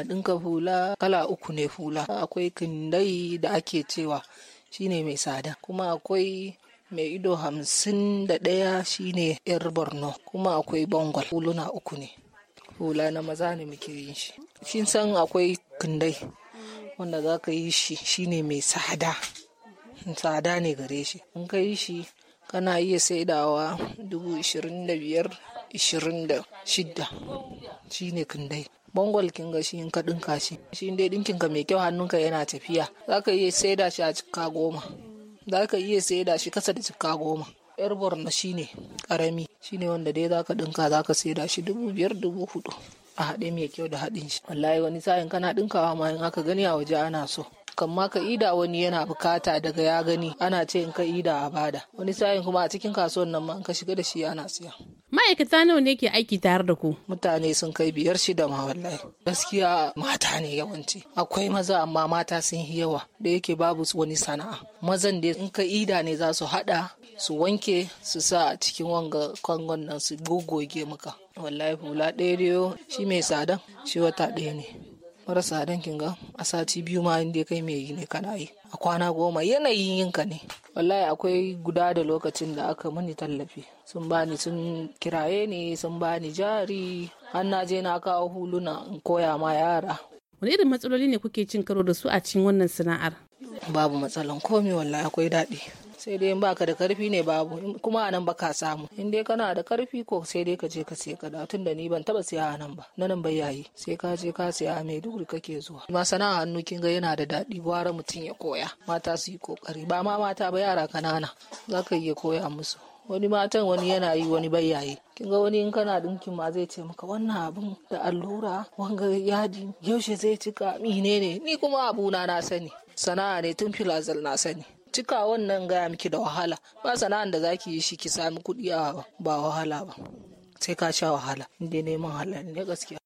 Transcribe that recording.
ina ɗinka hula kala uku ne hula akwai kindai da ake cewa shine mai tsada kuma akwai mai ido hamsin da ɗaya shine yar borno kuma akwai bangol huluna uku ne hula na maza ne muke yin shi shin san akwai kindai wanda za ka yi shi shine mai tsada tsada ne gare shi in ka yi shi kana iya saidawa dubu ishirin da biyar ishirin da shidda shine kindai bangol kin ga shi in ka dinka shi shi dai dinkin ka mai kyau hannunka yana tafiya Za ka iya saida shi a cikka goma ka iya saida shi kasa da cikka goma yar borno shine karami ne wanda dai za ka dinka za zaka saida shi dubu biyar dubu hudu a haɗe mai kyau da haɗin shi wallahi wani sa'in kana dinkawa ma in aka gani a waje ana so kamma ka ida wani yana bukata daga ya gani ana ce in ka ida a bada wani sa'in kuma a cikin kasuwan nan ma ka shiga da shi ana siya ma'aikata nawa ne ke aiki tare da ku mutane sun kai biyar shida ma wallahi gaskiya mata ne yawanci akwai maza amma mata sun yi yawa da yake babu wani sana'a mazan da in ka ida ne za su hada su wanke su sa a cikin wanga kwangon nan su gogoge maka wallahi hula ɗaya shi mai tsada shi wata ɗaya ne marasa dankin ga, a sati biyu ma inda kai mai ne kana yi a kwana goma yanayin yinka ne wallahi akwai guda da lokacin da aka mani tallafi sun bani sun kiraye ne sun bani jari har na je na kawo huluna in koya ma yara wani irin matsaloli ne kuke cin karo da su a cikin wannan sana'ar babu matsalan komi wallahi akwai daɗi sai dai in baka da karfi ne babu kuma anan baka samu in dai kana da karfi ko sai dai ka je ka siya kada tun da ni ban taba siya nan ba na nan bai yayi sai ka je ka siya mai duk kake zuwa ma sana'a hannu kin ga yana da daɗi gwara mutum ya koya mata su yi kokari ba ma mata ba yara kanana za ka iya koya musu wani matan wani yana yi wani bai yayi kin ga wani in kana dinkin ma zai ce maka wannan abun da allura wanga yadi yaushe zai cika mine ne ni kuma abuna na sani sana'a ne tun filazal na sani cika wannan gaya miki da wahala ba sana'an da zaki yi shi ki sami kuɗi a ba wahala ba sai ka sha wahala inda neman halal ne gaskiya